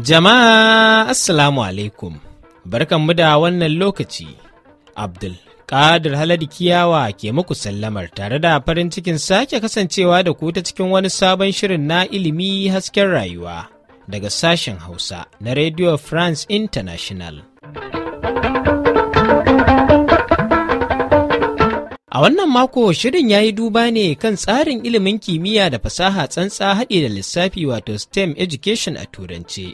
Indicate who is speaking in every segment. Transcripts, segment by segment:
Speaker 1: Jama'a Assalamu alaikum, barkanmu da wannan lokaci, Abdul Kadir Haladi Kiyawa ke muku sallamar tare da farin cikin sake kasancewa da ku ta cikin wani sabon shirin na ilimi hasken rayuwa daga sashen Hausa na Radio France International. A wannan mako shirin ya yi duba ne kan tsarin ilimin kimiyya da fasaha tsantsa haɗe da lissafi wato STEM education a Turanci.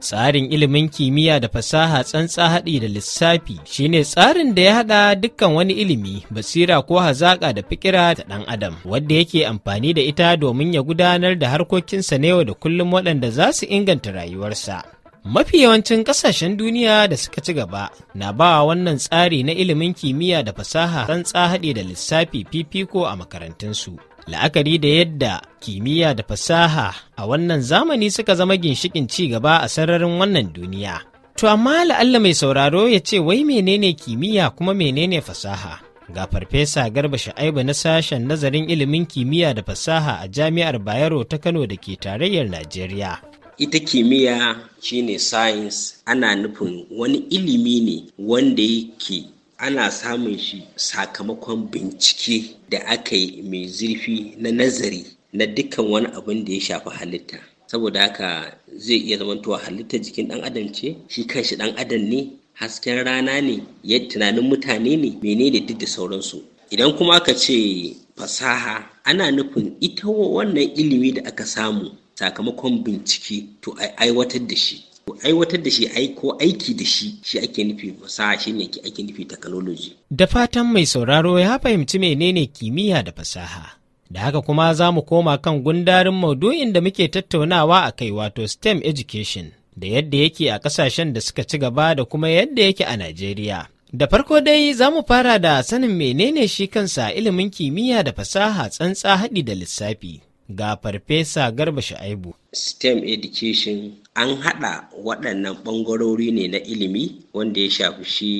Speaker 1: Tsarin ilimin kimiyya da fasaha tsantsa haɗi da lissafi shine tsarin da ya haɗa dukkan wani ilimi, basira ko hazaƙa da fikira ta ɗan adam, wadda yake amfani da ita domin ya gudanar da harkokinsa na yau da kullum waɗanda za su inganta rayuwarsa. Mafi yawancin ƙasashen duniya da suka ci gaba na ba wannan tsari na ilimin kimiyya da fasaha ran tsahaɗe da lissafi fifiko a makarantunsu. La'akari da yadda kimiyya da fasaha a wannan zamani suka zama ginshikin ci gaba a sararin wannan duniya. To amma la'alla mai sauraro ya ce wai menene kimiyya kuma menene fasaha? ga farfesa garba sha'aibu na sashen nazarin ilimin kimiyya da fasaha a jami'ar bayero ta kano da ke tarayyar najeriya
Speaker 2: ita kimiyya shine science ana nufin wani ilimi ne wanda yake ana samun shi sakamakon bincike da aka yi mai zurfi na nazari na dukkan wani abin da ya shafi halitta saboda haka zai iya zamantowa halitta, jikin ɗan adam ce shi kanshi ɗan adam ne hasken rana ne yadda tunanin mutane ne menene duk da sauransu idan kuma aka ce fasaha ana nufin ita wannan ilimi da aka samu sakamakon bincike to a aiwatar da shi aiwatar da shi ko aiki da shi shi ake nufi fasaha shi ne ake nufi technology
Speaker 1: da fatan mai sauraro ya fahimci menene kimiyya da fasaha da haka kuma za mu koma kan gundarin maudu'in da muke tattaunawa a kai wato stem education da yadda yake a kasashen da suka ci gaba da kuma yadda yake a najeriya da farko dai za mu fara da sanin menene shi kansa ilimin kimiyya da fasaha tsantsa haɗi da lissafi ga farfesa garba sha'aibu
Speaker 2: STEM education an haɗa waɗannan ɓangarori ne na ilimi wanda ya shafi shi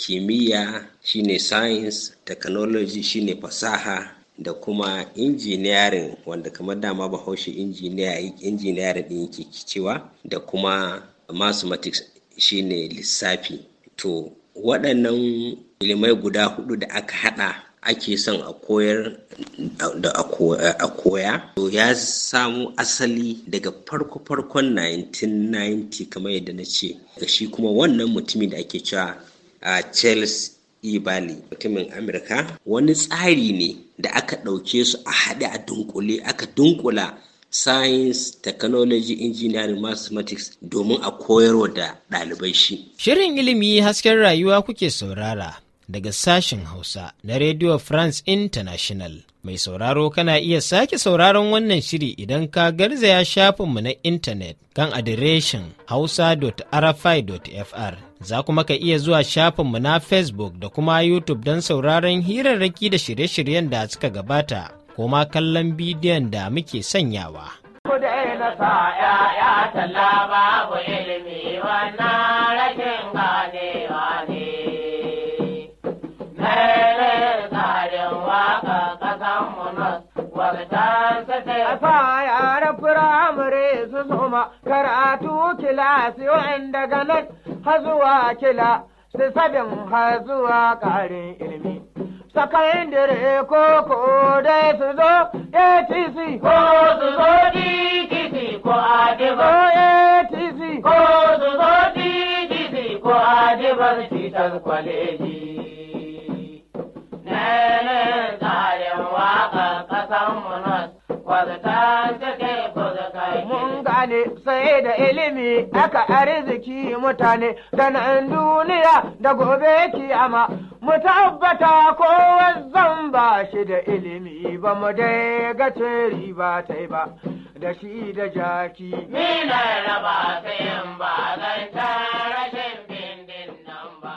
Speaker 2: kimiyya shine science technology shine fasaha da kuma injiniyarin wanda kamar dama bahaushe injiniyarin ɗin yake cewa da kuma mathematics shine lissafi to waɗannan ilimai guda hudu da aka haɗa ake son a koyar da a koya to ya samu asali daga farko-farkon 1990 kamar yadda na ce shi kuma wannan mutumin da ake cewa a charles ibali e. mutumin amurka wani tsari ne da aka ɗauke su a haɗe a dunkule aka dunkula science technology engineering mathematics domin a koyarwa da ɗalibai shi
Speaker 1: shirin ilimi hasken rayuwa kuke saurara daga sashen Hausa na Radio France International. Mai sauraro kana iya sake sauraron wannan shiri idan ka garzaya shafinmu na intanet kan adireshin hausa.rfi.fr. Za kuma ka iya zuwa shafinmu na Facebook da kuma YouTube don sauraron hirarraki da shirye-shiryen da suka gabata, ko ma kallon bidiyon da muke sanyawa.
Speaker 3: na sa ya talla babu ilimi wannan rashin gane.
Speaker 1: waka kasan munus wata sai fa yara firamare su soma karatu kila siyo'in daga nan hazuwa kila su sabin hazuwa karin ilimi sakandire ko ko dai su zo atc ko su zo dtc ko adiba atc ko su zo dtc ko adibar titan kwaleji
Speaker 2: sai da ilimi aka
Speaker 1: arziki mutane da nan duniya da gobe kiyama mu tabbata
Speaker 3: ko zan ba shi da ilimi ba mu dai ga ce ba ta ba da shi da jaki ni na raba sayan ba zan ta rashin bindin
Speaker 1: nan ba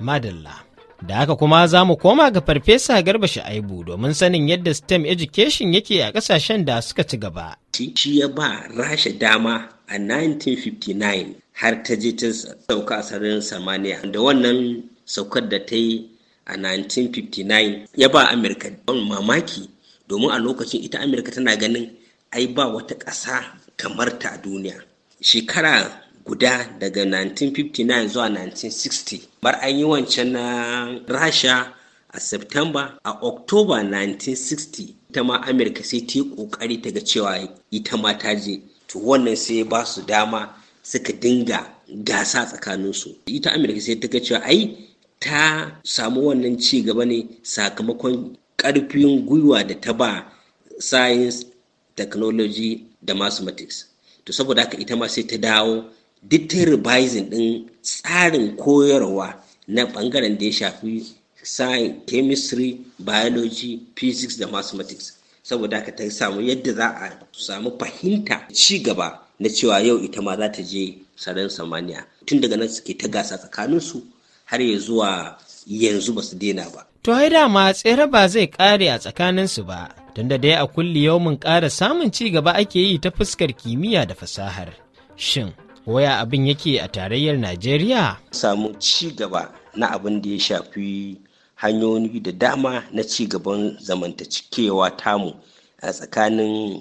Speaker 1: madalla Da haka kuma za mu koma ga Farfesa Garba Sha'aibu domin sanin yadda STEM education yake a ƙasashen da suka ci gaba.
Speaker 2: Shi ya ba Rasha dama a 1959 har ta je ta sauka a sararin samaniya da wannan saukar da ta yi a 1959 ya ba Amurka don mamaki domin a lokacin ita Amurka tana ganin ai ba wata ƙasa kamar ta a duniya. Shekara guda daga 1959 zuwa 1960 bar an yi wancan na rasha a september a october 1960 ita ma amurka sai ta yi kokari ta ga cewa ita ma ta je to wannan sai ba su dama suka dinga gasa tsakaninsu ita amurka sai ta ga cewa ai ta samu wannan ci gaba ne sakamakon ƙarfin gwiwa da ta ba science technology da mathematics to saboda haka ita ma sai ta dawo duk ta revising din tsarin koyarwa na bangaren da ya shafi science chemistry biology physics da mathematics saboda haka ta samu yadda za a samu fahimta ci gaba na cewa yau ita ma za ta je saran samaniya tun daga nan suke ta gasa tsakaninsu har ya zuwa yanzu ba su daina ba
Speaker 1: to hai dama tsere ba zai kare a tsakaninsu ba tunda dai a kulli mun kara samun ci gaba ake yi ta fuskar kimiyya da fasahar shin Waya abin yake a tarayyar
Speaker 2: Najeriya? Samu ci gaba na abin da ya shafi hanyoyi da dama na ci gaban zamantakewa tamu a tsakanin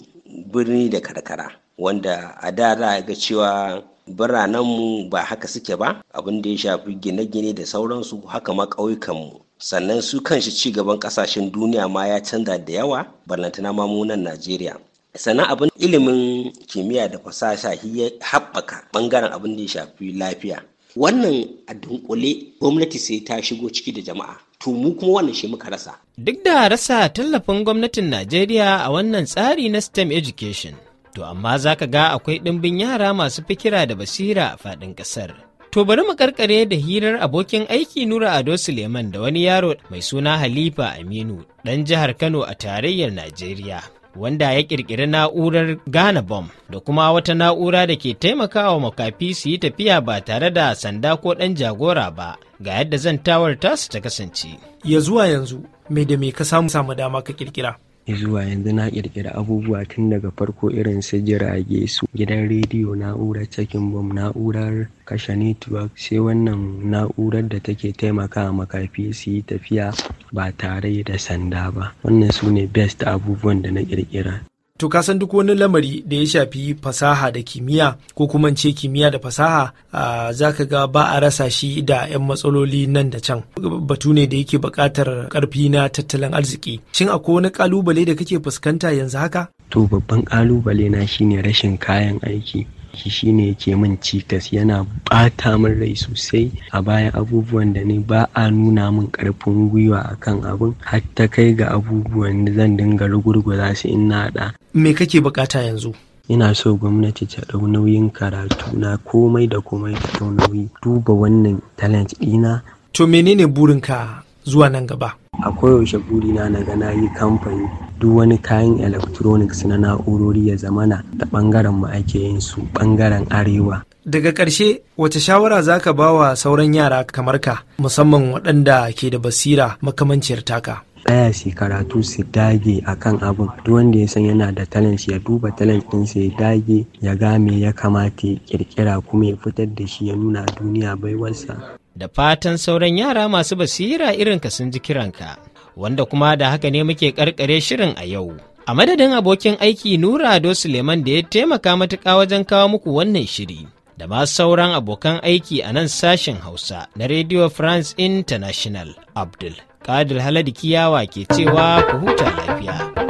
Speaker 2: birni da karkara wanda a da za ga cewa biranenmu ba haka suke ba abin da ya shafi gine-gine da sauransu haka ma ƙauyukanmu sannan su kanshi ci gaban ƙasashen duniya ma ya canza da yawa ballantana mamunan najeriya sannan abin ilimin kimiyya da fasasha shi ya haɓaka ɓangaren abin da ya shafi lafiya wannan a dunkule gwamnati sai ta shigo ciki da jama'a to mu kuma wannan shi muka rasa
Speaker 1: duk da rasa tallafin gwamnatin najeriya a wannan tsari na stem education to amma za ka ga akwai ɗimbin yara masu fikira da basira a faɗin ƙasar to bari mu karkare da hirar abokin aiki nura ado suleiman da wani yaro mai suna halifa aminu ɗan jihar kano a tarayyar najeriya wanda ya ƙirƙiri na'urar Ghana bom da kuma wata na'ura da ke taimakawa makafi su yi tafiya ba tare da sanda ko ɗan jagora ba ga yadda zan tawarta tasu ta kasance. Ya zuwa yanzu, mai da me ka samu samu dama ka ƙirƙira.
Speaker 3: zuwa yanzu na ƙirƙiri abubuwa tun daga farko irin su jirage su gidan rediyo na'urar checking bom na'urar kashe network sai wannan na'urar da take taimakawa makafi su yi tafiya ba tare da sanda ba wannan su ne best abubuwan da na ƙirƙira to ka san duk wani lamari da ya shafi fasaha da kimiyya ko kuma ce kimiyya da
Speaker 1: fasaha za ka ga ba a rasa shi da 'yan matsaloli nan da can batu ne da yake buƙatar ƙarfi na tattalin arziki shin akwai wani ƙalubale da kake fuskanta yanzu haka
Speaker 3: to babban ƙalubale na shine rashin kayan aiki shi shine yake min cikas yana bata min rai sosai a bayan abubuwan da ne ba a nuna min karfin gwiwa akan abin Hatta kai ga abubuwan da zan dinga rugurguza su in na haɗa. me kake bukata yanzu ina so gwamnati ta ɗau nauyin karatu na komai da komai ta dau nauyi duba wannan talent ɗina to menene burinka zuwa nan gaba. A koyaushe burina na ga na yi kamfani duk wani kayan electronics na na'urori ya zamana da bangaren mu ake yin su bangaren arewa.
Speaker 1: Daga ƙarshe wace shawara za ka ba wa sauran yara kamar ka musamman waɗanda ke da basira makamanciyar taka?
Speaker 3: tsaya shi karatu su dage a kan abin duk wanda ya san yana da talent ya duba talent ɗin ya dage ya game ya kamata ya kirkira kuma ya fitar da shi ya nuna duniya baiwarsa
Speaker 1: da fatan sauran yara masu basira irin ka sun ji kiranka wanda kuma da haka ne muke karkare shirin a yau a madadin abokin aiki nura ado suleiman da ya taimaka matuka wajen kawo muku wannan shiri da ma sauran abokan aiki a nan sashen hausa na radio france international abdul kadir haladi kiyawa ke cewa ku huta lafiya